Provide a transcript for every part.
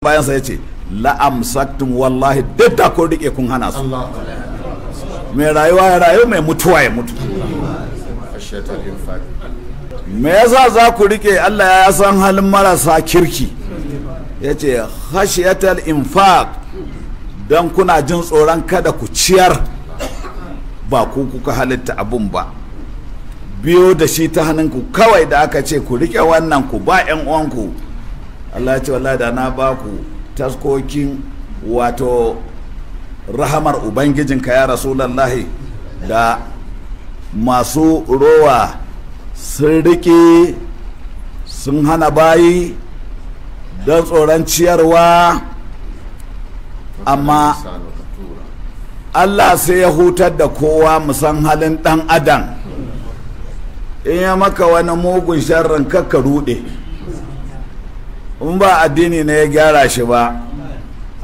bayan sa yace la'amsaktum wallahi duk da ko rike kun hana su mai rayuwa ya rayu mai mutuwa ya mutu me yasa za ku rike Allah ya san halin marasa kirki yace in infaq dan kuna jin tsoron kada ku ciyar ba ku kuka halitta abun ba biyo da shi ta hannunku kawai da aka ce ku rike wannan ku ba 'yan uwanku Allah ya ce wallahi da na ba ku taskokin wato rahamar ubangijinka ya rasulallahi da masu rowa sun riƙe sun hana bayi don tsoron ciyarwa amma allah sai ya hutar da kowa musan halin ɗan adam in ya maka wani mugun sharrin kakka ruɗe in ba addini ne ya gyara shi ba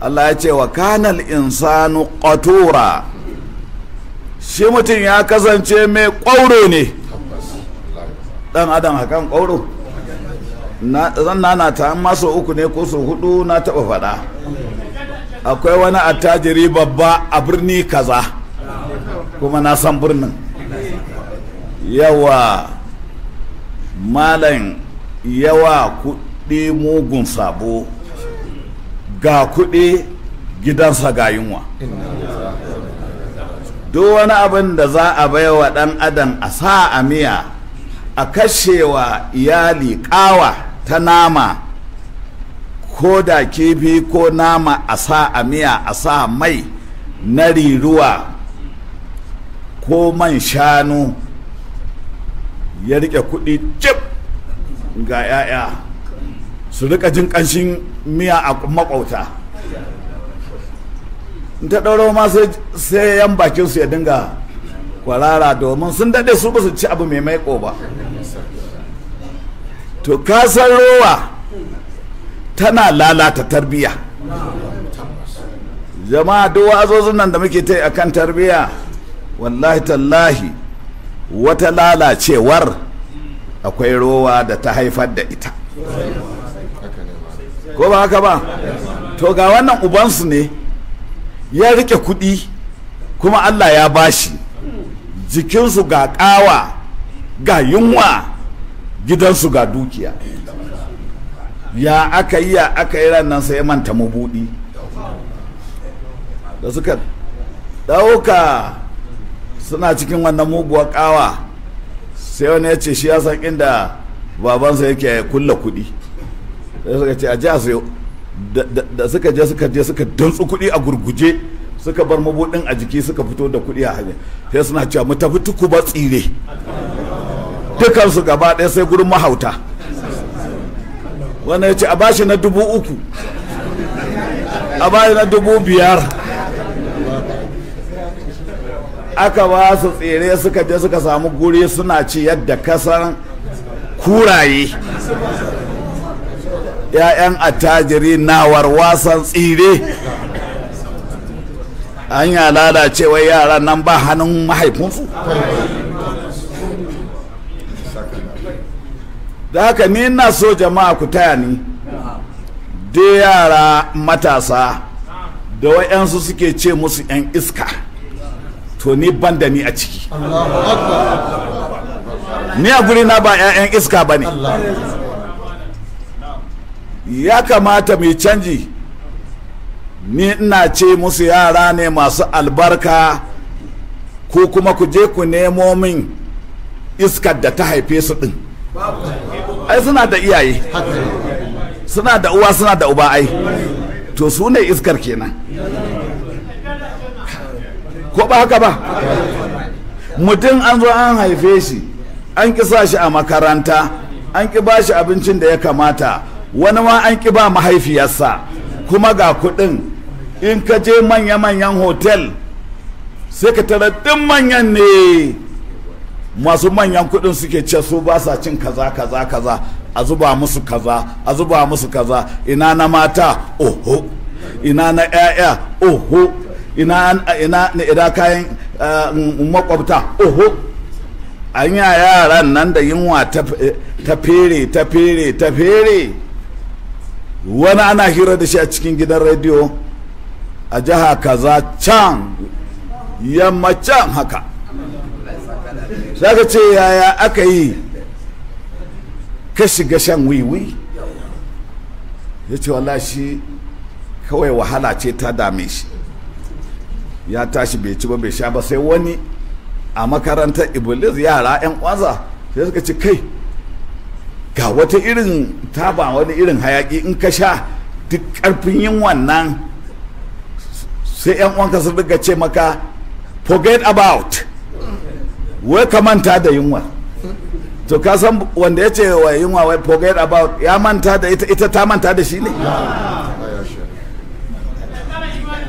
Allah ya ce wa kanal insanu qatura shi mutum ya kasance mai ƙwauro ne dan adam hakan ƙwauro zan nana ta an maso uku ne ko su hudu na taɓa faɗa akwai wani attajiri babba a birni kaza kuma na san birnin yawa malam yawa kuɗi mugun sabo ga kuɗi gidansa ga yunwa duk wani abin da za a bai wa ɗan adam a sa a miya a kashewa iyali ƙawa ta nama ko da kifi ko nama a sa a miya a sa mai na riruwa ko man shanu ya rike kuɗi cip ga 'ya'ya su rika jin ƙanshin miya a makwauta ta ɗauro ma sai yan bakin su ya dinga kwarara domin sun daɗe su ba su ci abu mai maiko ba to kasar rowa tana lalata tarbiya jama'a duk wa'azozin nan da muke ta akan a kan tarbiya wallahi tallahi wata lalacewar akwai rowa da ta haifar da ita ko ba haka ba to ga wannan ubansu ne ya rike kudi kuma allah ya bashi jikinsu ga kawa ga yunwa gidansu ga dukiya ya aka yi ya aka yi ran nan sai manta mabudi da suka dauka suna cikin wannan muguwar kawa sai wani ya ce shi ya san inda babansa yake kulla kudi. suka ce a ji a da suka je suka je suka dantsu kuɗi a gurguje suka bar mabuɗin a jiki suka fito da kuɗi a hanya sai suna cewa mu tafi tuku ba tsire dukansu gaba ɗaya sai gurin mahauta wani ya ce a bashi na dubu uku a bashi na dubu biyar aka ba su tsere suka je suka samu guri suna ci yadda kasan kuraye 'ya'yan attajiri na warwasan tsire an ya cewa yara nan ba hannun mahaifinsu da haka ni na so jama'a ku taya ni da yara matasa da wa'yansu suke ce musu 'yan iska to ni ban da ni a ciki ni a guri na ba 'ya'yan iska ba ne ya kamata mai canji ni ina ce musu yara ne masu albarka ko kuma ku je ku nemo min iskar da ta haife su ɗin ai suna da iyaye suna da uwa suna da uba ai to su ne iskar kenan ko ba haka ba mutum an zo an haife shi an ƙi shi a makaranta an ƙi ba shi abincin da ya kamata wani ma an ƙi ba mahaifiyarsa kuma ga kuɗin in ka je manya-manyan hotel sai ka tara ɗin manyan ne masu manyan kuɗin suke ce su ba sa cin kaza kaza kaza a zuba musu kaza a zuba musu kaza ina na mata oho ina na 'ya'ya oho ina ina ina kayan eh, makwabta oho an yaran nan da yunwa ta fere ta fere ta fere wani ana hira da shi a cikin gidan rediyo a jiha kaza can yamma can haka zaka ce yaya aka yi ka shiga shan wiwi ya ce wala shi kawai wahala ce ta dame shi ya tashi bai ci ba bai sha ba sai wani a makarantar iblis yara 'yan kwanza sai suka ci kai ga wata irin taba wani irin hayaki in ka sha duk karfin yin wannan sai yan uwanka sun daga ce maka forget about wai ka manta da yunwa to ka san wanda ya ce wa yunwa wai forget about ya manta da ita ita ta manta da shi ne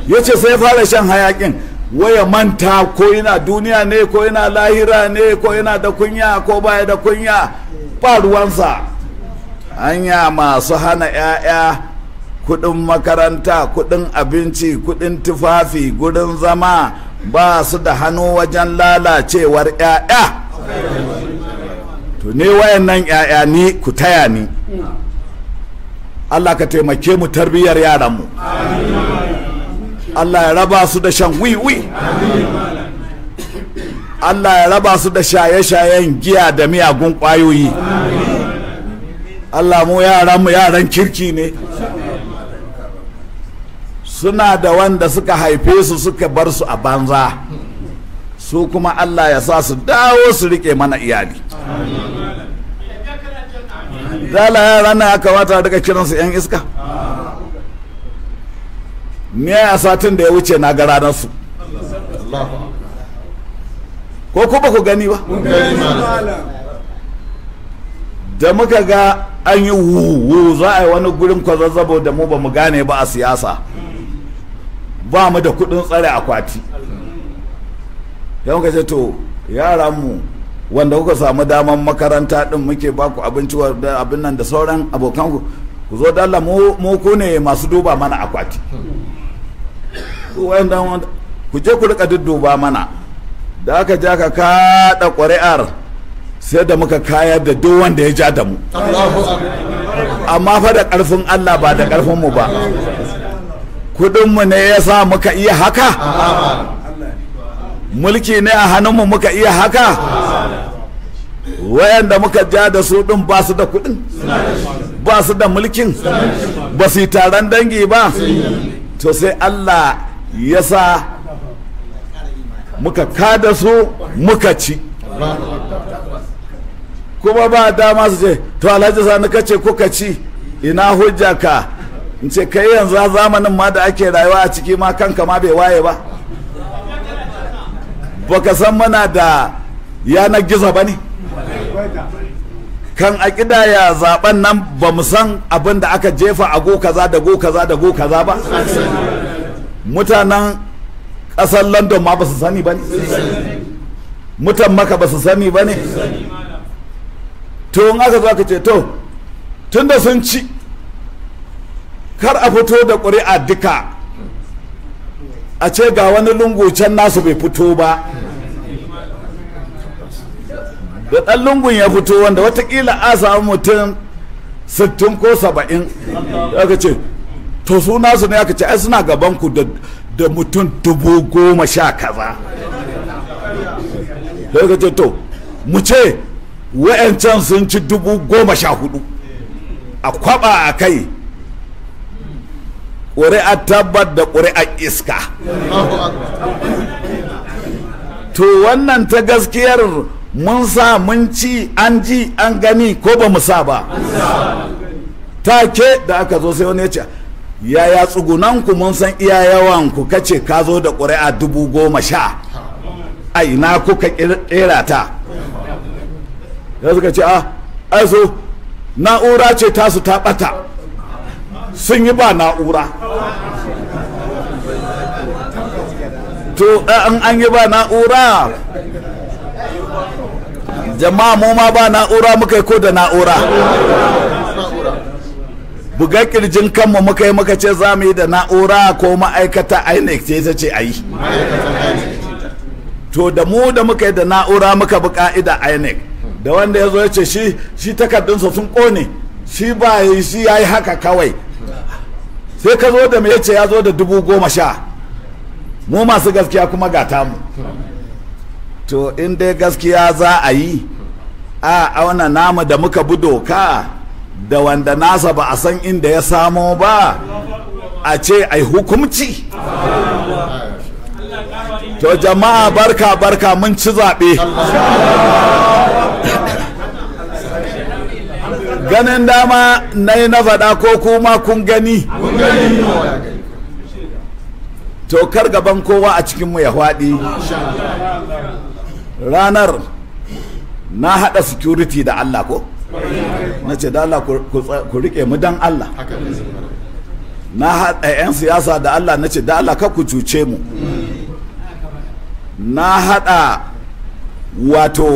ya ce sai fara shan hayakin waya manta ko yana duniya ne ko yana lahira ne ko yana da kunya ko baya da kunya ba ruwansa hanya masu hana 'ya'ya kudin makaranta kudin abinci kudin tufafi gurin zama ba su da hannu wajen lalacewar 'ya'ya to ne wayannan 'ya'ya ni ku taya ni Allah ka taimake mu tarbiyyar mu. Allah ya raba su da shan wiwi Allah ya raba su da shaye-shayen giya da miyagun ƙwayoyi Allah mu yaran mu yaran kirki ne suna da wanda suka haife su suka bar su a banza su kuma Allah ya sa su dawo su rike mana iyali zala yara na ya kamata daga kiransu 'yan iska ne a satin da ya wuce na gara su ko ku ba ku gani ba da muka ga an yi wuwu za a yi wani gurin kwazazzabo da mu ba mu gane ba a siyasa ba mu da kudin tsare akwati yawon ka ce to mu wanda kuka samu daman makaranta din muke baku ku abinci abin nan da sauran abokanku ku zo dalla mu ku ne masu duba mana akwati ku je ku rika dudduba mana da aka ja ka kada ƙuri'ar sai da muka kayar da duk wanda ya ja da mu amma fa da ƙarfin allah ba da ƙarfin ba kudinmu ne ya sa muka iya haka mulki ne a hannunmu muka iya haka wayanda muka ja da su ɗin ba su da kudin ba su da mulkin ba su yi taron dangi ba to sai allah ya sa muka kada su muka ci kuma ba dama su ce to alhaji sani kace kuka ci ina hujja ka in ce kai yanzu zamanin ma da ake rayuwa a ciki ma kanka ma bai waye ba baka san mana da yanar gizo ba ne kan a ya zaben nan ba mu san abin da aka jefa a go kaza da go kaza da go kaza ba mutanen kasar london ma ba su sani ba ne mutan maka ba su sani ba ne to in aka zo aka ce to tun da sun ci kar a fito da ƙuri'a duka a ce ga wani lungu can nasu bai fito ba da ɗan lungun ya fito wanda watakila a samu mutum sittin ko saba'in aka ce to su nasu ne aka ce ai suna gaban ku da da mutum dubu goma sha kaza lokacin to mu ce wa'yancan sun ci dubu goma sha hudu a kwaba a kai ƙuri'a tabbat da ƙuri'a iska to wannan ta gaskiyar mun sa mun ci an ji an gani ko ba mu sa ba take da aka zo sai wani ya ce yaya tsugunanku mun san iya ku kace ka zo da ƙuri'a dubu goma sha a ina kuka ƙera ta ya suka ce a ah, aiso na'ura ce tasu ta ɓata sun yi ba na'ura to an an yi ba na'ura jama'a mu ma ba na'ura muka yi ko da na'ura buga kirjin kanmu muka yi muka ce za mu yi da na'ura ko ma'aikata inec ce ta ce a yi to da mu da muka yi da na'ura muka bi ka'ida inec da wanda ya zo ya ce shi shi takardunsa sun kone shi ba shi ya yi haka kawai sai ka zo da ya ce ya zo da dubu goma sha mu masu gaskiya kuma ga tamu to in dai gaskiya za a yi a auna namu da muka bi doka da wanda nasa ba a san inda ya samo ba a ce ai hukumci to jama'a barka barka mun ci zaɓe ganin dama na yi na faɗa ko kuma kun gani to kar gaban kowa a cikinmu ya faɗi ranar na haɗa security da Allah ko? na ce da Allah ku rike mu dan Allah na haɗa 'yan siyasa da Allah na ce da Allah ka ku cuce mu na haɗa wato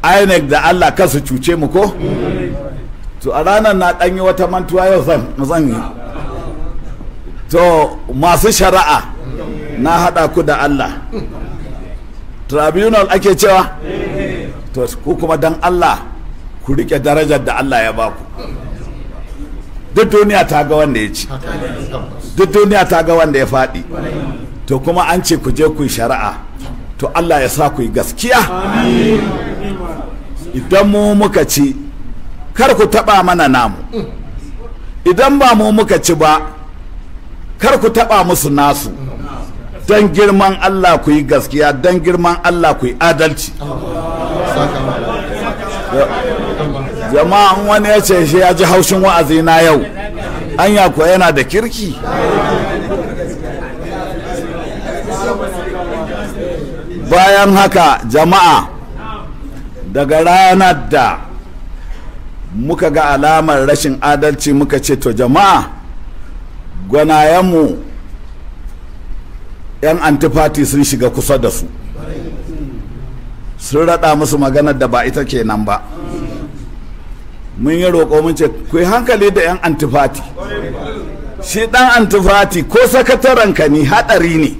inec da Allah ka su cuce mu ko to a ranar na ɗanyi wata mantuwa yau zan yi to masu shari'a na haɗa ku da Allah tribunal ake cewa to ku kuma dan Allah ku rike darajar da Allah ya baku duk duniya ta ga wanda ya ci duk duniya ta ga wanda ya faɗi to kuma an ce ku je ku yi shari'a to Allah ya sa ku yi gaskiya idan mu muka ci kar ku taɓa mana namu idan ba mu muka ci ba kar ku taɓa musu nasu don girman Allah ku yi gaskiya dan girman Allah ku yi adalci jama'an wani ya ce shi ya ji haushin wa'azi na yau anya kuwa yana da kirki bayan haka jama'a daga ranar da muka ga alamar rashin adalci muka ce to jama'a gwanayenmu 'yan antifati sun shiga kusa da su sun raɗa musu maganar da ba ita kenan ba mun yi roƙo mun ce ku hankali da 'yan antifati shi dan antifati ko sakatarenka ni haɗari ne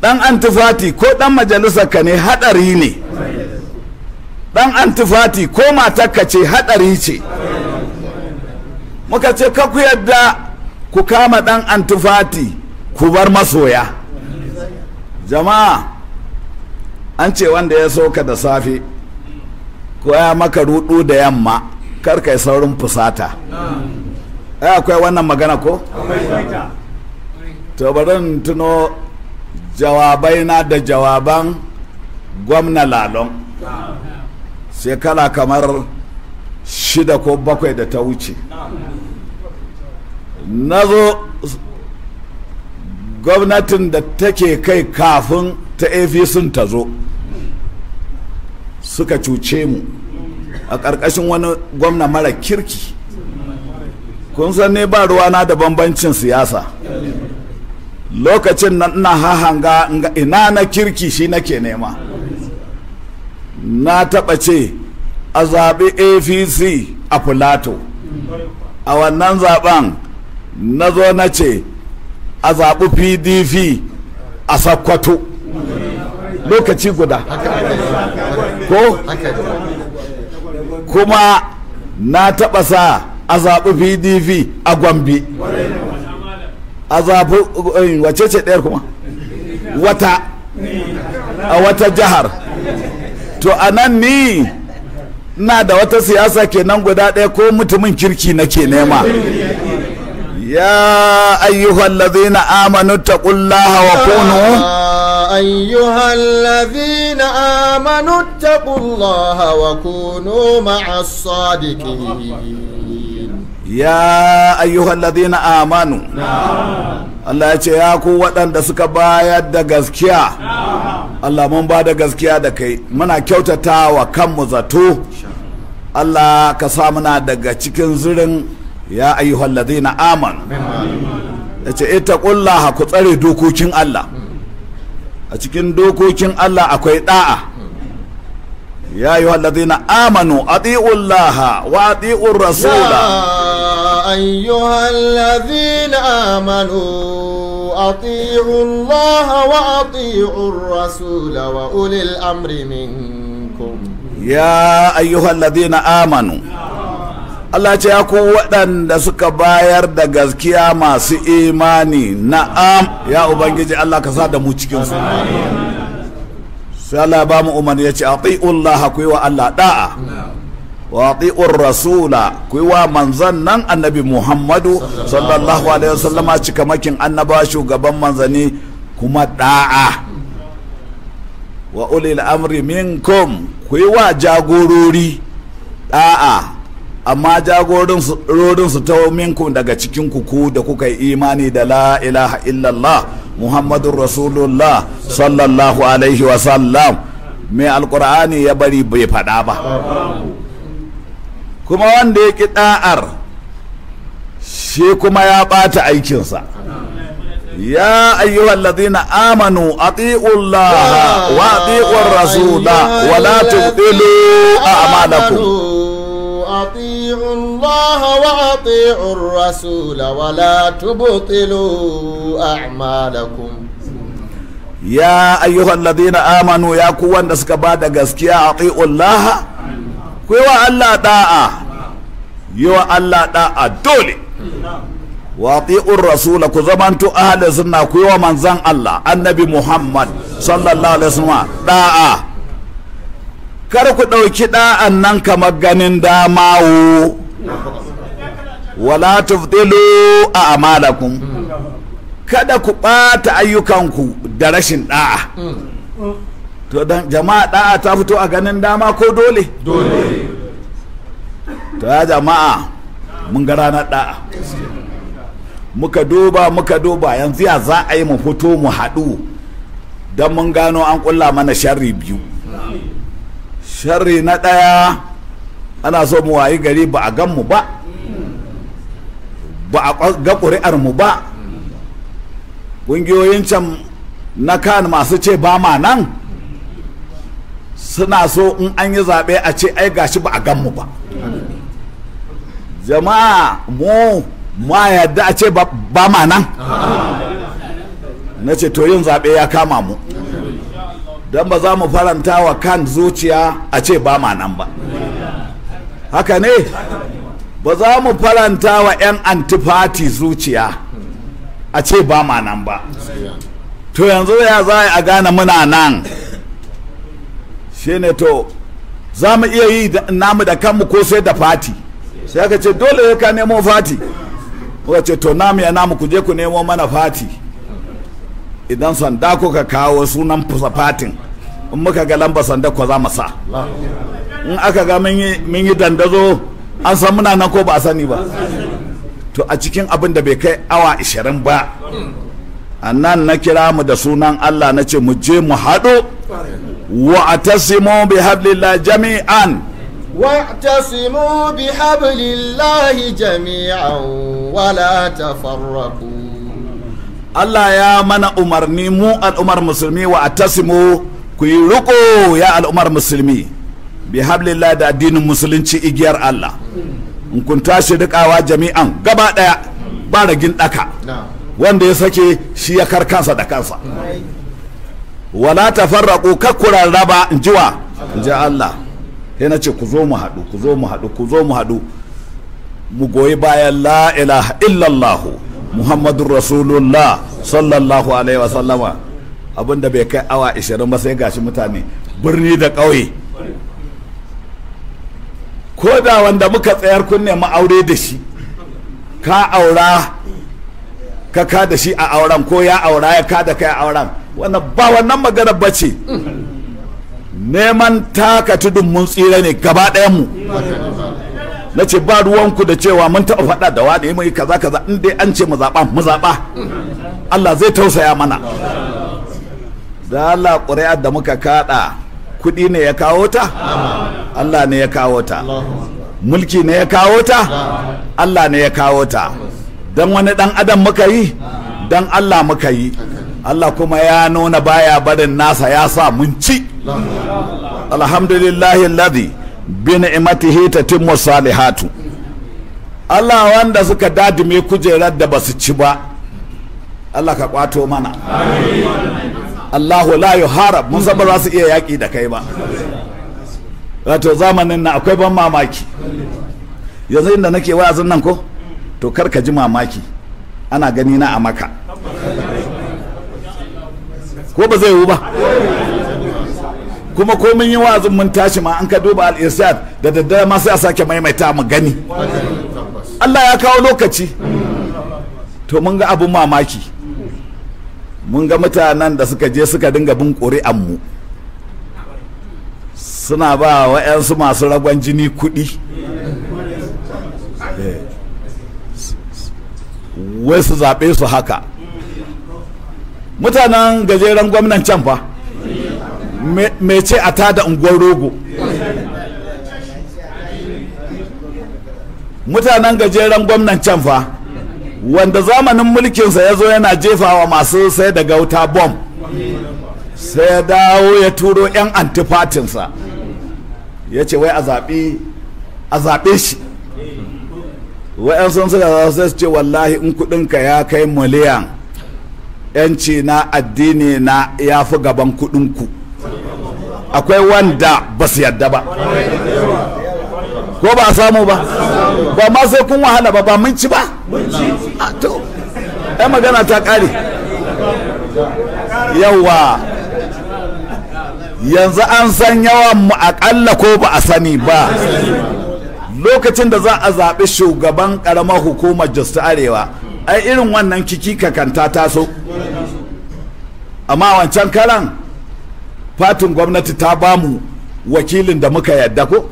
dan antifati ko ɗan majalisarka ne haɗari ne dan antifati ko matakka ce haɗari ce muka ce ku yadda ku kama dan antifati ku bar masoya jama'a an ce wanda ya soka da safe ko ya maka rudu da yamma kar yi saurin fusata ai eh, akwai wannan magana ko to bari tuno jawabai na da jawaban gwamna lalon shekara kamar shida ko bakwai da ta wuce na zo gwamnatin da take kai kafin ta sun ta zo suka cuce mu a ƙarƙashin wani gwamna mara kirki kun san ne ba ruwa na da bambancin siyasa lokacin nan ina hahanga ina na kirki shi nake nema na taɓa ce a zaɓi apc a filato a wannan zaɓen na zo na ce a zaɓi pdp a sakkwato lokaci guda ko kuma na taɓa sa a zaɓi pdp a gwambi a zaɓi eh, wace ce ɗayar kuma wata a wata jihar to a nan ni na da wata siyasa kenan guda ɗaya ko mutumin kirki nake nema ya ayyuhallazina amanu ta ƙulla wa kunu أيها الذين آمنوا اتقوا الله وكونوا مع الصادقين يا أيها الذين آمنوا Allah ya ce ya ku waɗanda suka bayar da gaskiya Allah mun ba da gaskiya da kai muna kyautata wa kanmu zato Allah ka sa muna daga cikin zirin ya ayyuhallazina amanu ya ce ita ƙullaha ku tsare dokokin Allah a cikin dokokin Allah akwai da'a ya yi wallazi na amanu a ɗi'ullaha wa a ɗi'ur rasula ya ayyuhallazi na amanu Allah ce ya ku waɗanda suka bayar da gaskiya masu imani na'am ya ubangiji Allah ka sa da mu cikin su sai Allah ba mu umarni ya ce ati'ullaha ku yi wa Allah da'a wa ati'ur rasula ku yi wa manzan nan annabi Muhammadu sallallahu alaihi wasallama makin annaba shugaban manzani kuma da'a wa ulil amri minkum ku yi wa jagorori da'a amma jagororin su minku daga cikin kuku da kuka yi imani da la ilaha illallah muhammadun rasulullah sallallahu alaihi wasallam mai alkur'ani ya bari bai fada ba kuma wanda ya ƙi ɗa'ar shi kuma ya bata aikinsa ya يا أيها amanu آمنوا أطيعوا الله وأطيعوا الرسول ولا تبطلوا أعمالكم الله وأطيعوا الرسول ولا تبطلوا أعمالكم يا أيها الذين آمنوا يا كوان دسكبادة غسكيا أطيعوا الله كوا الله داعا يو الله داعا دولي وأطيعوا الرسول كزمانتو أهل سنة كوا من زن الله النبي محمد صلى الله عليه وسلم داعا kar ku ɗauki ɗa'an nan kamar wala tufdilu a amalakum kada ku ɓata ayyukanku da rashin ɗa'a to dan jama'a ɗa'a ta fito a ganin dama ko dole dole to ya jama'a mun ga ranar ɗa'a muka duba muka duba yanzu ya za a yi mu fito mu haɗu don mun gano an ƙulla mana sharri biyu sharri na ɗaya ana so mu wayi gari ba a gan mu ba ba a ga ƙuri'ar mu ba ƙungiyoyin can na kan masu ce ba ma nan suna so in an yi zaɓe a ce ai gashi ba a gan mu ba jama'a mu ma yadda a ce ba ma nan na ce to yin zaɓe ya kama mu don ba za mu faranta wa kan zuciya a ce ba ma nan ba haka ne ba za mu faranta wa 'yan antifati zuciya a ce ba ma nan ba to yanzu ya za a gane muna nan shi ne to za mu iya yi namu da kanmu ko sai da fati sai aka ce dole ya ka nemo fati kuka ce to namu ya namu ku je ku nemo mana fati idan sanda kuka kawo sunan fatin in muka ga lamba sanda ko za mu sa in aka ga mun yi dandazo an san muna nan ko ba a sani ba to a cikin abin da bai kai awa ishirin ba a nan na kira mu da sunan Allah na ce mu je mu haɗo wa a bi hablillah jami'an wa tasimo bi hablillah jami'an wala tafarraqu Allah ya mana umarni mu al'umar musulmi wa a tasimo ku yi riko ya al'umar musulmi bi hablillah da addinin musulunci igiyar Allah in kun tashi dukawa jami'an gaba daya ba ragin daka wanda ya sake shi ya kar kansa da kansa wala tafarraqu kakkuran raba injiwa jiwa Allah sai na ce ku zo mu hadu ku zo mu hadu ku zo mu hadu mu goyi bayan la ilaha illallah muhammadur rasulullah sallallahu alaihi wasallama abinda bai kai awa 20 ba sai gashi mutane birni da ƙauye ko da wanda muka tsayar kun nemi aure da shi ka aura ka ka da shi a auren ko ya aura ya ka da kai a auren wannan ba wannan magana bace neman taka tudun mun tsira ne gaba ɗayan mu na ce ba ruwanku da cewa mun taɓa faɗa da wani mai kaza kaza in dai an ce mu zaɓa mu zaɓa Allah zai tausaya mana da Allah ƙuri'ar da muka kaɗa kuɗi ne ya kawo ta Allah ne ya kawo ta mulki ne ya kawo ta Allah ne ya kawo ta don wani ɗan adam muka yi Dan Allah muka yi Allah kuma ya nuna baya barin nasa ya sa mun ci alhamdulillahi ladhi bi ni'matihi tatimmu salihatu Allah wanda suka dadume kujerar da basu ci ba Allah ka kwato mana amin Allahu la harab mun san ba za su iya yaki da kai ba wato zamanin na akwai ban mamaki yanzu inda nake wa'azin nan ko to kar ka ji mamaki ana gani na a maka ko ba zai yiwu ba kuma ko mun yi wa'azin mun tashi ma an ka duba al-irsad da daddare ma sai a sake maimaita mu gani Allah ya kawo lokaci to mun ga abun mamaki mun ga mutanen da suka je suka dinga bin ƙuri'anmu suna ba wa'yansu masu ragon jini kuɗi eh. wai su zaɓe su haka mutanen gajeren gwamnan can fa me ce a tada unguwar rogo mutanen gajeren gwamnan can fa wanda zamanin mulkinsa ya zo yana jefawa masu sai da gauta bom sai ya dawo ya turo 'yan antifatinsa ya ce wai a zaɓe shi wa'yan sun suka za su ce wallahi in kudinka ya kai miliyan yanci na addini na ya fi gaban kudinku akwai wanda ba su yadda ba ko ba a samu ba ba ma sai kun wahala ba ba mun ci ba to ai magana ta kare yawa yanzu an san yawan mu akalla ko ba a sani ba lokacin da za a zaɓi shugaban ƙaramar hukumar jos arewa ai irin wannan kiki kakanta taso amma wancan karan fatin gwamnati ta bamu wakilin da muka yadda ko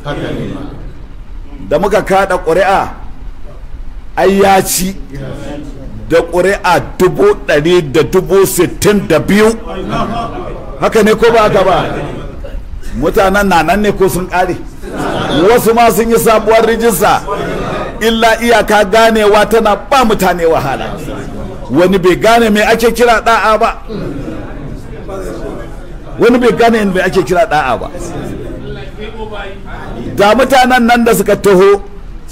da muka kada ƙuri'a ai ya ci da ƙuri'a dubu ɗari da dubu sittin da biyu haka ne ko ba haka ba mutanen na nan ne ko sun ƙare wasu ma sun yi sabuwar rijista illa iyaka ganewa tana ba mutane wahala wani bai gane mai ake kira ɗa'a ba wani bai gane mai ake kira ɗa'a ba ga mutanen nan da suka taho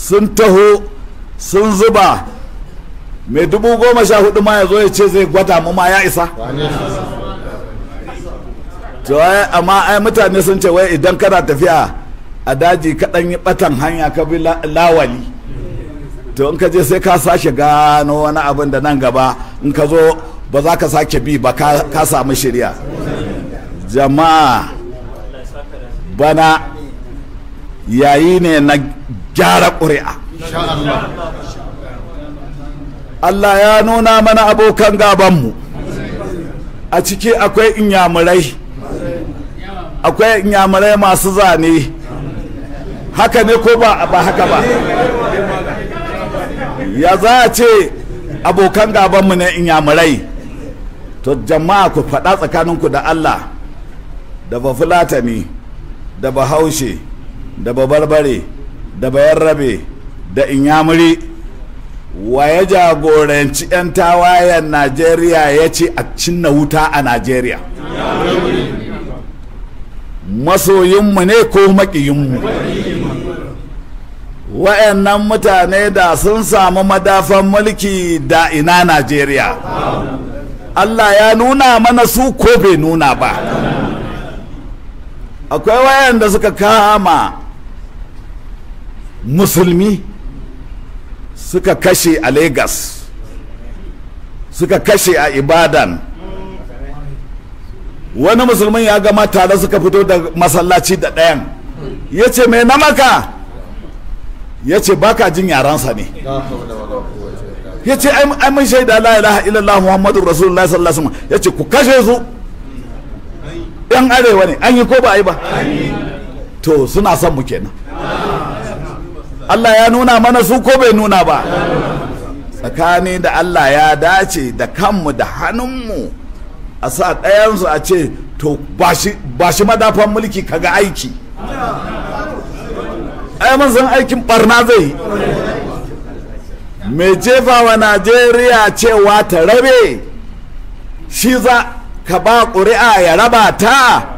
sun taho sun zuba mai dubu goma sha hudu ma ya zo ya ce zai gwada mu ma ya isa to amma ai mutane sun ce wai idan kana tafiya a daji kaɗan yi ɓatan hanya ka bi lawali to in ka je sai ka sake gano wani abin da nan gaba in ka zo ba za ka sake bi ba ka samu shirya jama'a bana yayi ne na gyara ƙuri'a Allah ya nuna mana abokan gabanmu a ciki akwai inyamurai akwai inyamurai masu zane haka ne ko ba haka ba ya za a ce abokan gabanmu ne inyamurai to jama'a ku faɗa tsakaninku da Allah da bafulatani da bahaushe da babarbare da bayarrabe da inyamuri waye jagoranci 'yan tawayen najeriya ya ce a cinna wuta a najeriya masoyinmu ne ko maƙiyinmu wa'annan mutane da sun samu madafan mulki da ina najeriya allah ya nuna mana su ko bai nuna ba akwai wayanda suka kama musulmi suka kashe a Legas suka kashe a ibadan wani musulmi ya gama tare suka fito da masallaci da ɗayan ya ce mai namaka ya ce ba ka jin yaransa ne ya ce ai mun shaida la ilaha illallah muhammadu rasulullah sallallahu alaihi wasallam ya ce ku kashe su yan arewa ne an yi ko ba a yi ba to suna son mu kenan Allah ya nuna mana su ko bai nuna ba tsakani da Allah ya dace da kanmu da hannunmu a sa ɗayansu a ce to ba shi madafan mulki ka ga aiki ai mun san aikin barna zai yi mai jefa wa najeriya cewa ta rabe shi za ka ba ƙuri'a ya raba ta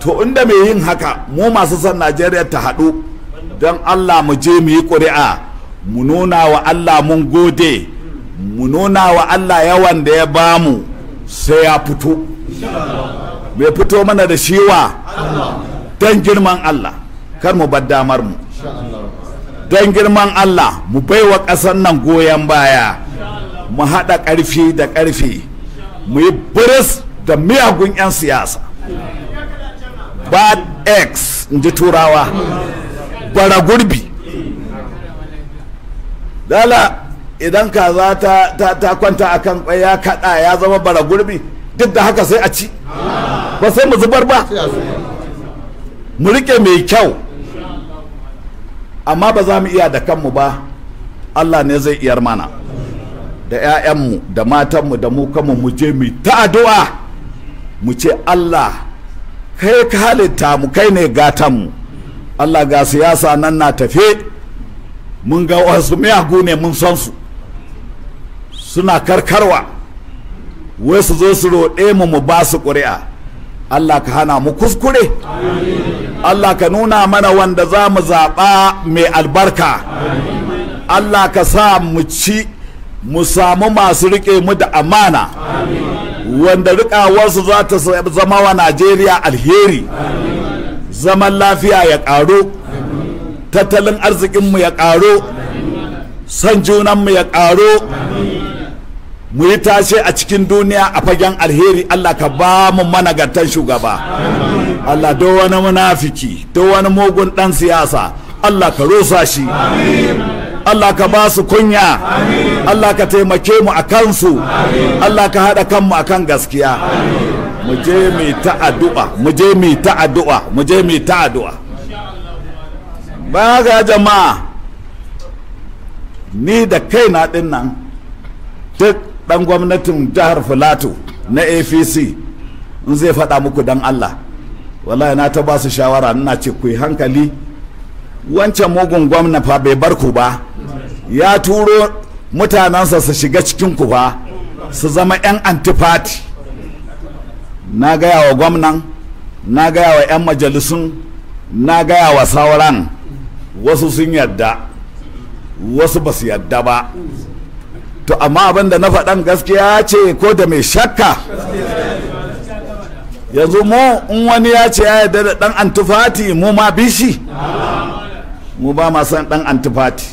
to inda mai yin haka mu masu san najeriya ta haɗu don Allah mu je mu yi ƙuri'a mu nuna wa Allah mun gode mu nuna wa Allah yawan da ya ba mu sai ya fito mai fito mana da shiwa don girman Allah kar mu bar damar mu don girman Allah mu baiwa ƙasar nan goyon baya mu haɗa ƙarfi da ƙarfi mu yi biris da miyagun 'yan siyasa bad x in ji turawa bara gurbi dala idan kaza ta, ta, kwanta a kan ya kada ya zama bara gurbi duk da haka sai a ci ba sai mu zubar ba mu rike mai kyau amma ba za mu iya da kanmu ba allah ne zai iyar mana da 'ya'yanmu da matanmu da mu kanmu mu je mu ta addu'a mu ce allah kai ka halitta mu kai ne gatanmu Allah ga siyasa nan na tafe mun ga wasu miyagu ne mun san su suna karkarwa wai su zo su roɗe mu mu ba su ƙuri'a Allah ka hana mu kuskure Allah ka nuna mana wanda za mu zaɓa mai albarka Allah ka sa mu ci mu samu masu riƙe mu da amana wanda riƙawarsu za ta zama wa Najeriya alheri zaman lafiya ya ƙaro tattalin arzikinmu ya ƙaro san junanmu ya ƙaro mu yi tashe a cikin duniya a fagen alheri Allah ka ba mu managartan shugaba Allah don wani munafiki don wani mugun ɗan siyasa Allah ka rusa shi Allah ka ba su kunya Allah ka taimake mu a kansu Allah ka haɗa kanmu a kan gaskiya mu je mu ta addu'a mu je mu ta addu'a mu je mu ta addu'a ba ga jama'a ni da kaina din nan duk dan gwamnatin jihar Filato na APC in zai faɗa muku dan Allah wallahi na ta ba su shawara ina ce ku yi hankali wancan mugun gwamna fa bai bar ku ba ya turo mutanensa su shiga cikin ku fa su zama 'yan antifati na gaya wa gwamnan na gaya wa 'yan majalisun na gaya wa sauran wasu sun yarda, wasu ba su yadda ba to amma abin da na faɗan gaskiya ce ko da mai shakka yanzu mu in wani ya ce ya yarda da ɗan antifati mu ma bishi mu ba ma san ɗan antifati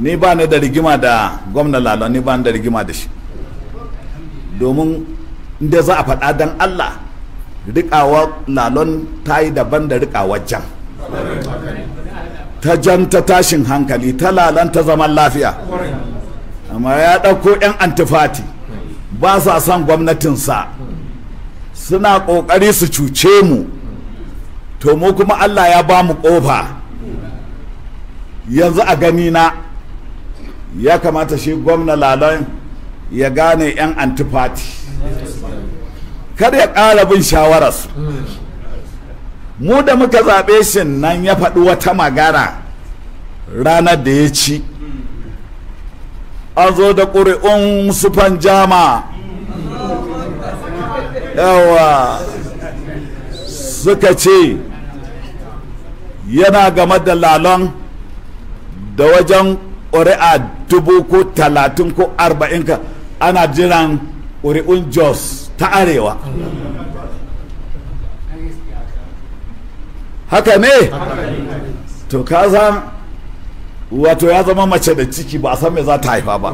ni ba ni da rigima da gwamnan lalon ni ba ni da rigima da shi domin inda za a faɗa don Allah riƙawa lalon ta yi daban da riƙawa jan ta jan ta tashin hankali ta lalan ta zaman lafiya amma ya ɗauko 'yan antifati ba sa son gwamnatinsa suna ƙoƙari su cuce mu to mu kuma Allah ya ba mu ƙofa yanzu a gani na ya kamata shi gwamna lalon ya gane 'yan antifati kar ya ƙara bin shawararsu mu da muka zaɓe shi nan ya faɗi wata magana ranar da ya ci an zo da ƙuri'un sufan jama yawa suka ce yana game da lalon da wajen ƙuri'a dubu ko talatin ko arba'in ka ana jiran ƙuri'un jos ta arewa haka ne to ka san wato ya zama mace da ciki ba a san me za ta haifa ba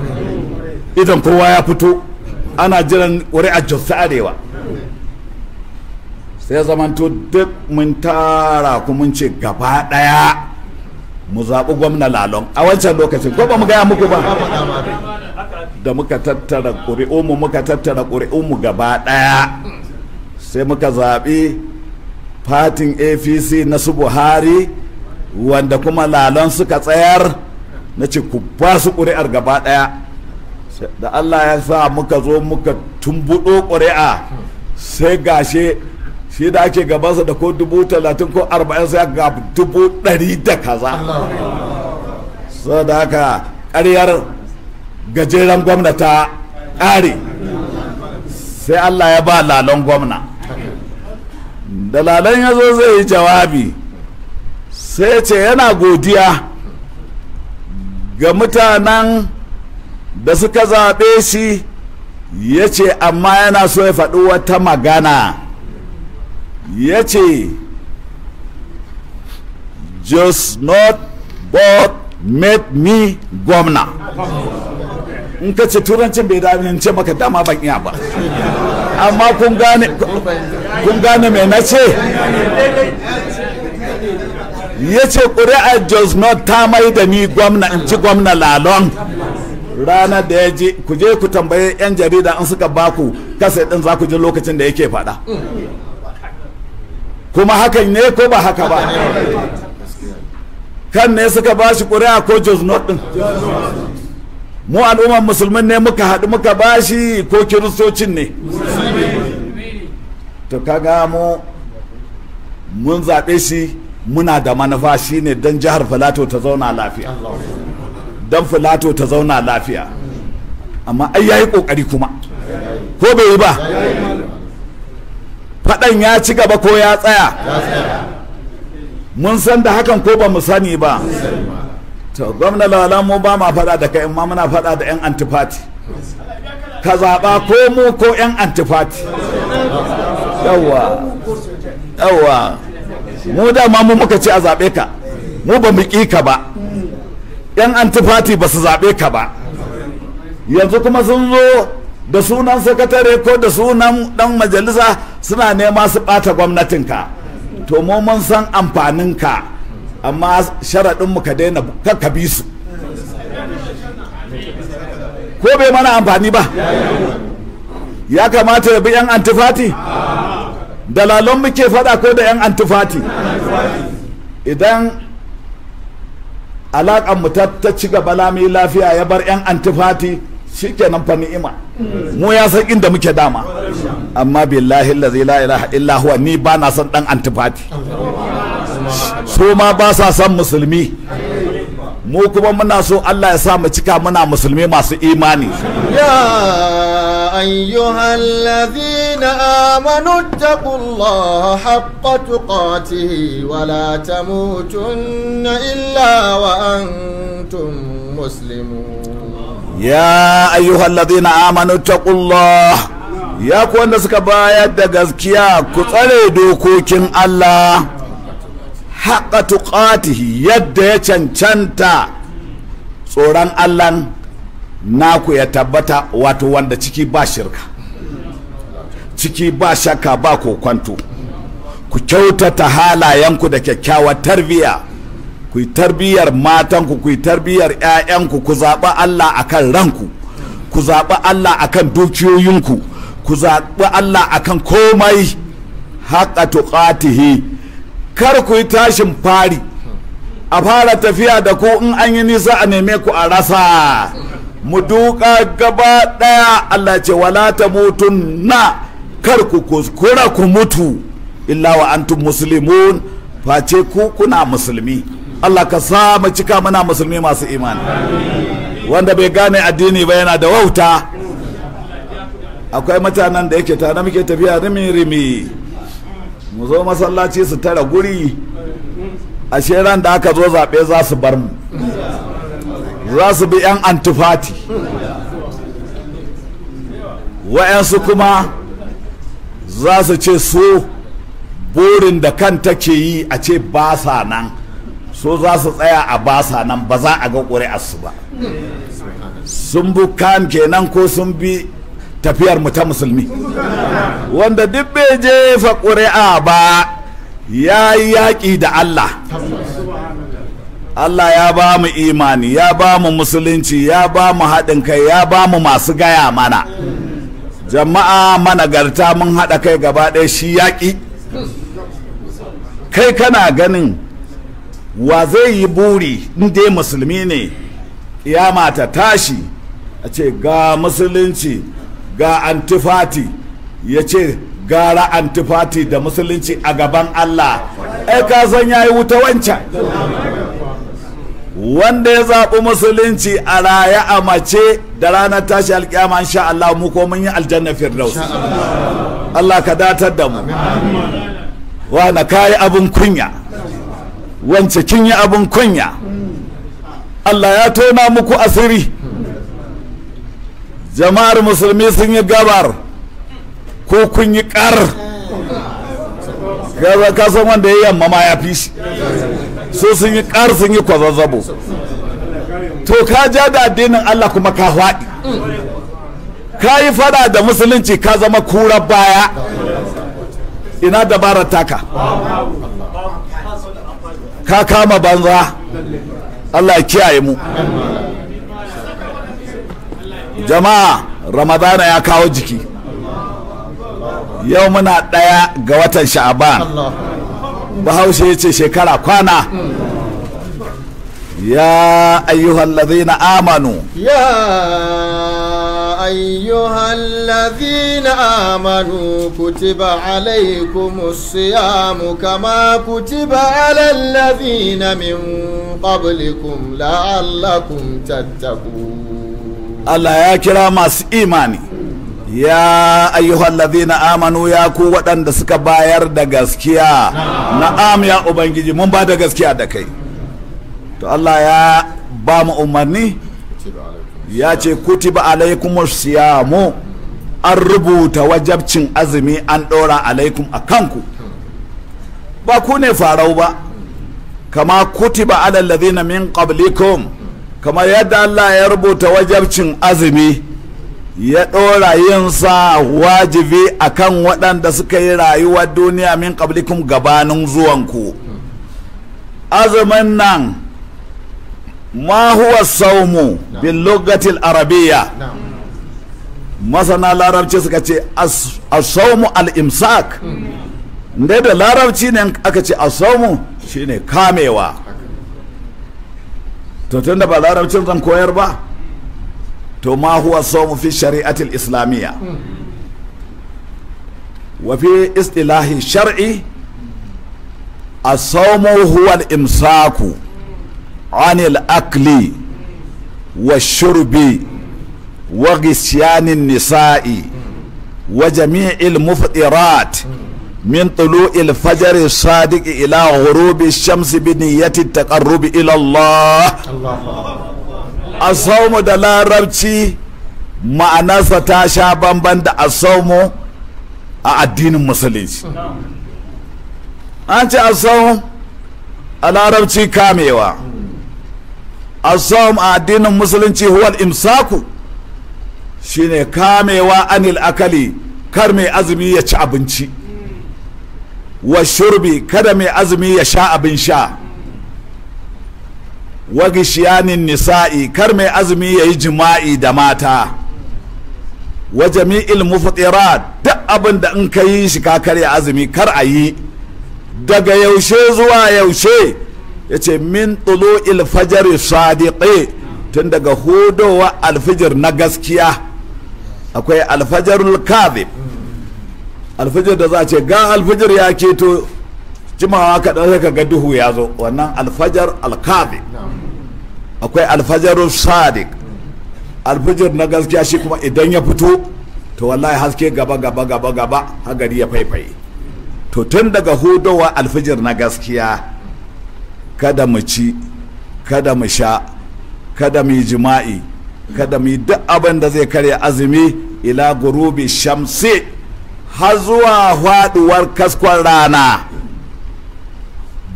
idan kowa ya fito ana jiran wuri a ta arewa sai to duk mun tara kuma ce gaba daya mu zaɓi gwamna lalon a wancan lokacin ko ba mu gaya muku ba da muka tattara ƙuri'unmu muka tattara ƙuri'unmu gaba ɗaya sai muka zaɓi fatin apc na su buhari wanda kuma lalon suka tsayar na ce ku ba su ƙuri'ar gaba ɗaya da allah ya sa muka zo muka tumbuɗo ƙuri'a sai gashe shi da ake gabansa da ko dubu talatin ko arba'in sai ga dubu ɗari da kaza da haka ƙaryar gajeren gwamna ta ƙare sai allah ya ba lalon gwamna da lalon ya zo zai yi jawabi sai ce yana godiya ga mutanen da suka zaɓe shi ya ce amma yana so ya faɗi wata magana ya ce just not but made me gwamna in ka ce turancin bai dami ce maka dama ban iya ba amma kun gane mai na ce ya ce ƙuri'a jos not ta mai da ni gwamna in ci gwamna lalon rana da ya ji ku je ku tambaye 'yan jarida an suka baku kasa ɗin za ku ji lokacin da yake fada kuma hakan ne ko ba haka ba kan ne suka ba shi ƙuri'a ko jos din mu al'ummar musulman ne muka haɗu muka bashi ko kiristocin ne to kaga mu mun zaɓe shi muna da manufa ne don jihar filato ta zauna lafiya don filato ta zauna lafiya amma ai yayi kokari kuma ko bai yi ba faɗan ya ci gaba ko ya tsaya mun san da hakan ko ba mu sani ba to gwamna lala mu ba ma fada da kai amma muna fada da 'yan antifati ka zaba ko mu ko 'yan antifati yawa yawa mu ma mu muka ce a zabe ka mu ba mu ƙi ka ba 'yan antifati ba su zabe ka ba yanzu kuma sun zo da sunan sakatare ko da sunan ɗan majalisa suna nema su bata gwamnatinka to mu mun san amfaninka amma sharaɗinmu ka daina ka bi su ko bai mana amfani ba ya kamata ya bi 'yan antifati dalalon muke faɗa ko da 'yan antifati idan alaƙar mu ta ci gaba lami lafiya ya bar 'yan antifati shi shikenan fa ni'ima mu ya san inda muke dama amma billahi la ilaha illa huwa ni ba na son ɗan antifati su ma ba sa son musulmi mu kuma muna so Allah ya sa mu cika muna musulmi masu imani ya ayyuhal ladhina amanu taqullaha haqqa tuqatihi wa la tamutunna illa wa antum muslimun ya ayyuhal ladhina amanu taqullaha ya ku wanda suka bayar da gaskiya ku tsare dokokin Allah haƙa tuƙatihi yadda ya cancanta tsoron allan naku ya tabbata wato wanda ciki ba shirka ciki ba shakka ba kokwanto ku kyautata halayenku da kyakkyawar tarbiya ku yi tarbiyyar matanku ku yi tarbiyyar 'ya'yanku ku zaɓi allah akan ranku ku zaɓi allah akan dukiyoyinku ku zaɓi allah akan komai haƙa tuƙatihi kar ku yi tashin fari a fara tafiya da ku in an yi nisa a neme ku a rasa mu duka gaba daya Allah ce wala ta mutun na kar ku kuskura ku mutu illa wa antum muslimun face ku kuna musulmi Allah ka sa mu cika muna musulmi masu imani wanda bai gane addini ba yana da wauta akwai mutanen da yake tare muke tafiya rimi rimi mu zo masallaci su tara guri a ran da aka zo zaɓe za su bar mu za su bi 'yan antifati wa'yansu kuma za su ce so burin da kan take yi a ce ba sa nan so za su tsaya a ba sa nan ba za a ga ƙuri'arsu ba sun bi kenan ko sun bi tafiyar mu ta musulmi wanda duk bai jefa ƙuri'a ba ya yi yaƙi da Allah Allah ya ba mu imani ya ba mu musulunci ya ba mu haɗin kai ya ba mu masu gaya mana jama'a managarta mun haɗa kai gaba ɗaya shi yaƙi kai kana ganin wa zai yi buri in dai musulmi ne ƙiyama ta tashi a ce ga musulunci ga antifati ya ce gara antifati da musulunci a gaban Allah ai ka san yayi wuta wancan wanda ya zaɓi musulunci a raya a mace da ranar tashi alƙiyama insha Allah mu ko mun yi aljanna firdaus Allah ka datar da mu wa na kayi abin kunya wance kin yi abin kunya Allah ya tona muku asiri jama'ar musulmi sun yi gabar ko kun yi kar kasan wanda ya yamma ma ya fi shi so sun yi kar sun yi kwazazzabo to ka ja da addinin Allah kuma ka faɗi ka yi fada da musulunci ka zama kura baya ina dabarar taka ka kama banza Allah ya kiyaye mu jama'a ramadana ya kawo jiki yau muna ɗaya ga watan sha'aban bahaushe ya ce shekara kwana ya ayyuhallazi na amanu ya ayyuhallazi na amanu ci ba alaikumu mu kama ci ba alallazi na min ƙwabalikun la'allakun tattakun Allah ya kira masu imani ya ayyuhallazina amanu ya ku waɗanda suka bayar da gaskiya na'am ya ubangiji mun ba da gaskiya da kai to Allah ya ba mu umarni ya ce kutiba alaikum siyamu an rubuta wajabcin azumi an ɗora alaikum a kanku ba ku ne farau ba kama kutiba alallazina min qablikum kamar yadda Allah ya rubuta wajabcin azumi ya ɗora sa wajibi a kan waɗanda suka yi rayuwar duniya min ƙablikun gabanin zuwanku azumin nan ma huwa saumu bin lokacin arabiya masana larabci suka ce a saumu al-imsak da larabci ne aka ce a saumu shine kamewa to tunda ba larabcin zan koyar ba to ma huwa somu fi shari'atil islamiyya wa fi istilahi shar'i a sawmu huwa al-imsaku anil akli wa shurbi wa gisiyanin nisa'i wa jami'il muftirat min tulu'il fajr sadiq ila hurubi shamsi bi niyyati taqarrub ila Allah asawmu da larabci ma'anarsa ta sha banban da asawmu a addinin musulunci an ce asawm a larabci kamewa asawm a addinin musulunci huwal imsaku shine kamewa anil akali kar mai azumi ya ci abinci wa shurbi kada mai azumi ya sha abin sha wa gishiyanin nisa'i kar mai azumi ya yi jima'i da mata wa jami'il mufatira duk abin da in ka yi shi ka karya azumi kar a yi daga yaushe zuwa yaushe ya ce min tulo ilfajar sadiqe tun daga hudowa alfijir na gaskiya akwai alfajarul kadhib alfijir da za a ce ga alfijir ya keto jimawa kaɗan sai ka ga duhu ya zo wannan alfajar alkabe akwai alfajar sadiq alfijir na gaskiya shi kuma idan ya fito to wallahi haske gaba gaba gaba gaba hagari ya faifaye to tun daga hudowa alfijir na gaskiya kada mu ci kada mu sha kada mu yi jima'i kada mu yi duk abin da zai karya azumi ila gurubi shamsi har zuwa faduwar kaskon rana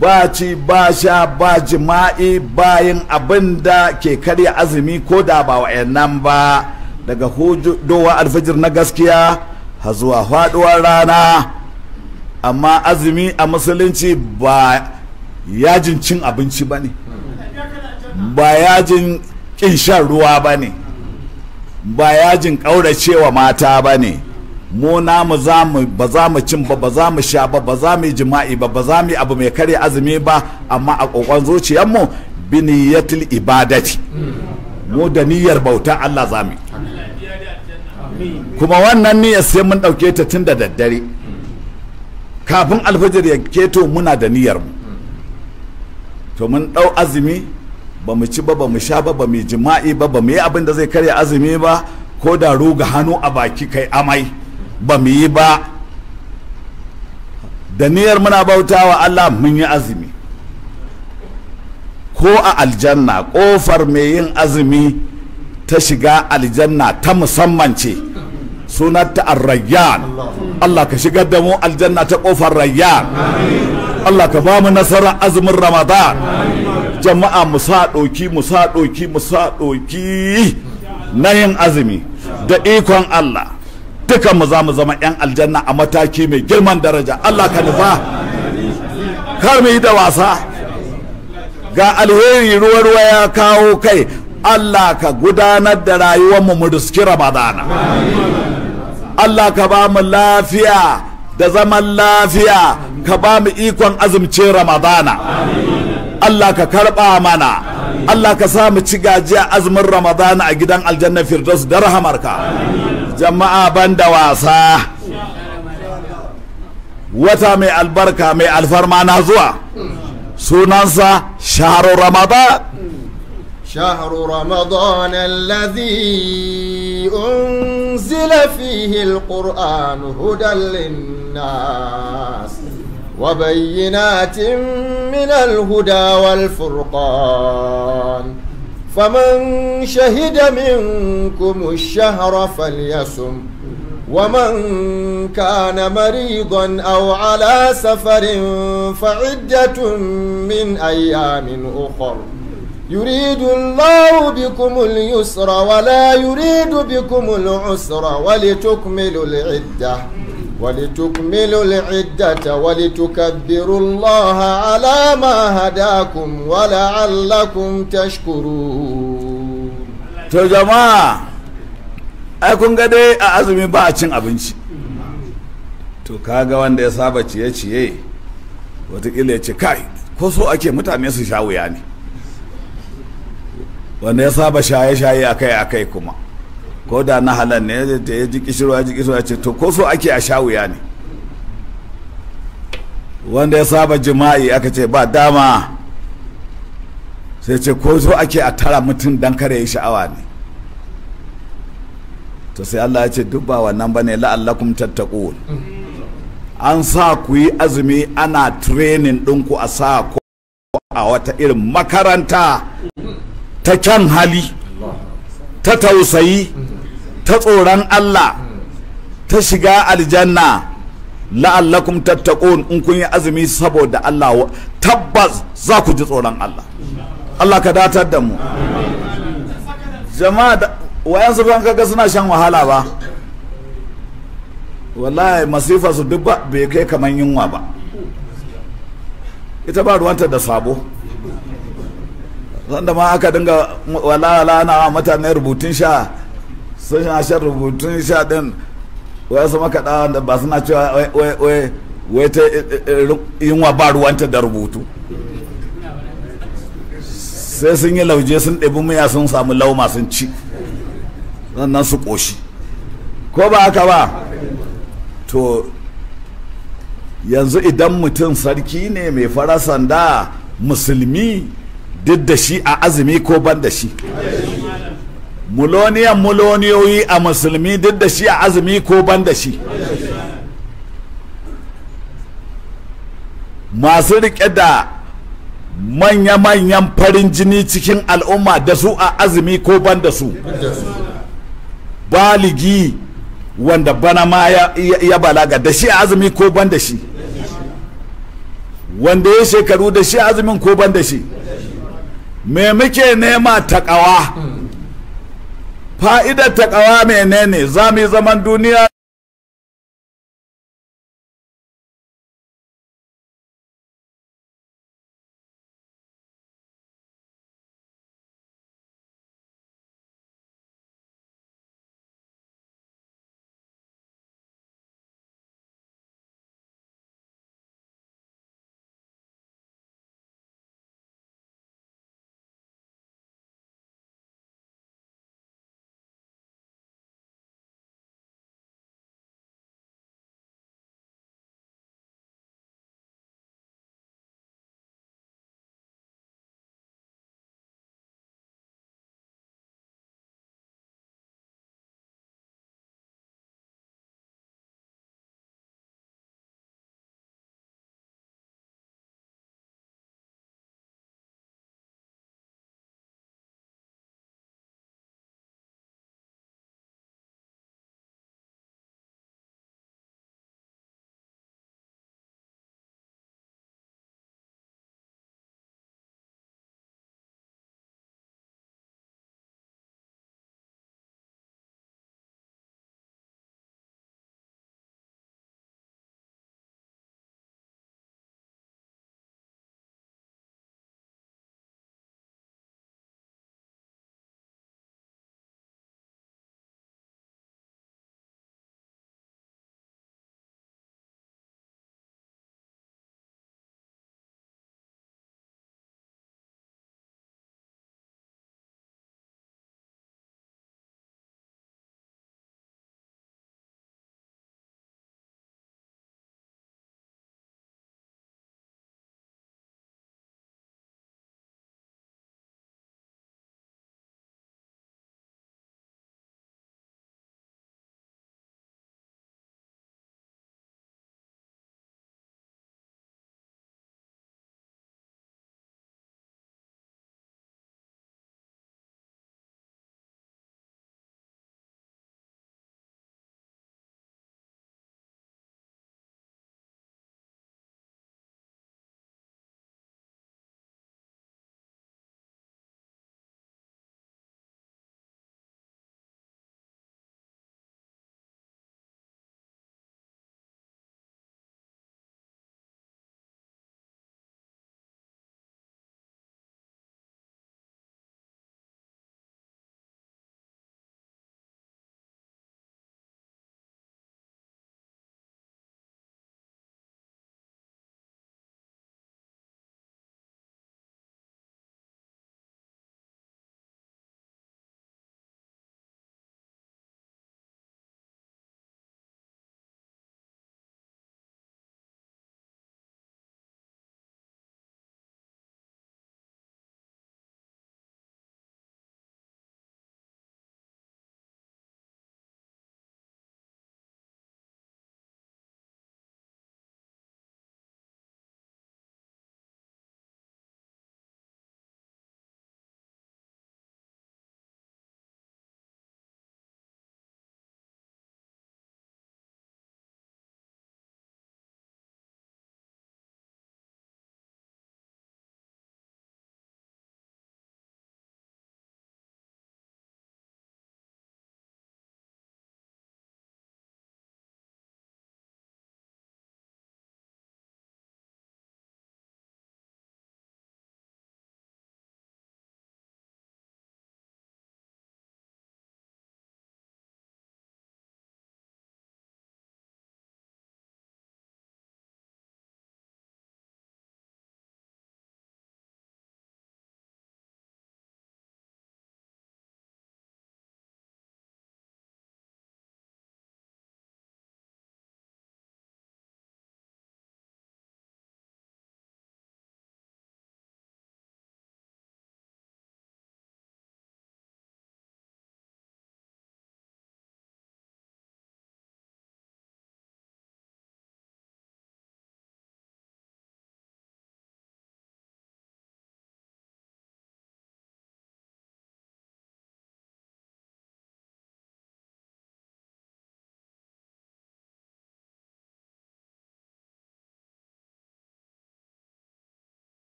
ba ci ba sha ba jima'i bayan abin da ke karya azumi ko da ba wa'annan ba daga hudowa alfajir na gaskiya har zuwa faduwar rana amma azumi a musulunci ba yajin cin abinci ba ne ba yajin ƙin shan ruwa ba ne ba yajin ƙauracewa mata ba ne mu namu ba za mu cin ba ba za mu sha ba ba za mu jima'i ba ba za mu yi abu mai karya azumi ba amma a kokon zuciyarmu biniyatul ibadati mu da niyyar bauta Allah za mu kuma wannan niyyar sai mun ɗauke ta tun da daddare kafin alfajir ya keto muna da niyyar mu to mun dau azumi ba mu ci ba ba mu sha ba ba mu jima'i ba ba mu yi abin da zai karya azumi ba ko da ruga hannu a baki kai amai ba mu yi ba da niyyar muna bauta wa Allah mun yi azumi ko a aljanna kofar mai yin azumi ta shiga aljanna ta musamman ce sunanta arrayyan Allah ka shigar da mu aljanna ta kofar rayyan Allah ka ba mu nasarar azumin ramadan jama'a mu sa ɗoki mu sa ɗoki mu sa ɗoki na yin azumi da ikon Allah dukan mu za mu zama yan aljanna a mataki mai girman daraja Allah ka nufa kar mu yi da wasa ga alheri ruwa ruwa ya kawo kai Allah ka gudanar da rayuwar mu mu riski Ramadana Allah ka ba mu lafiya da zaman lafiya ka ba mu ikon azumce Ramadana Allah ka karba mana Allah ka sa mu ci gajiya azumin Ramadana a gidan aljanna Firdaus da rahamarka jama'a banda wasa wata mai albarka mai alfarma na zuwa sunansa shahru ramadan شهر رمضان الذي أنزل فيه القرآن هدى للناس وبينات من الهدى والفرقان فمن شهد منكم الشهر فليصم ومن كان مريضا أو على سفر فعدة من أيام أخر يريد الله بكم اليسر ولا يريد بكم العسر ولتكملوا العده ولتكملوا العدة ولتكبروا الله على ما هداكم ولعلكم تشكرون to jama'a ai kun ga dai a azumi ba a cin abinci to kaga wanda ya saba ciye-ciye watakila ya ce ko so ake mutane su sha wuya ne wanda ya saba shaye-shaye akai-akai kuma ko da na halar ne ya ji kishirwa ji kishirwa ce to ko so ake a shawuya ne wanda ya saba jima'i aka ce ba dama sai ce ko so ake a tara mutum don kare ya sha'awa ne to sai Allah ya ce duk ba wannan ne la'allakum tattaku. an sa ku yi azumi ana training ɗinku a sa ku a wata irin makaranta ta kyan hali ta tausayi ta tsoron Allah ta shiga aljanna la'allakum tattaqun in kun yi azumi saboda Allah tabbas za ku ji tsoron Allah Allah ka datar da mu jama'a wayan su ban kaga suna shan wahala ba wallahi masifa su duk bai kai kamar yunwa ba ita ba ruwanta da sabo sanda ma aka dinga wala na mutane rubutun sha sun sha rubutun sha din wai su makaɗa da ba suna cewa wai wai yin eh, eh, eh, yunwa ba ruwanta da rubutu sai sun yi lauje sun ɗabi miya sun samu lauma sun ci sannan su ƙoshi ko ba haka ba to yanzu idan mutum sarki ne mai fara sanda musulmi duk da shi a azumi ko ban da shi muloniyan muloniyoyi a musulmi duk da shi a azumi ko ban da shi masu rike da manya-manyan farin jini cikin al'umma da su a azumi ko ban da su baligi wanda bana ma ya balaga da shi a azumi ko ban da shi wanda ya shekaru da shi azumin ko ban da shi me muke nema takawa fa'idar ƙawa menene za mu yi zaman duniya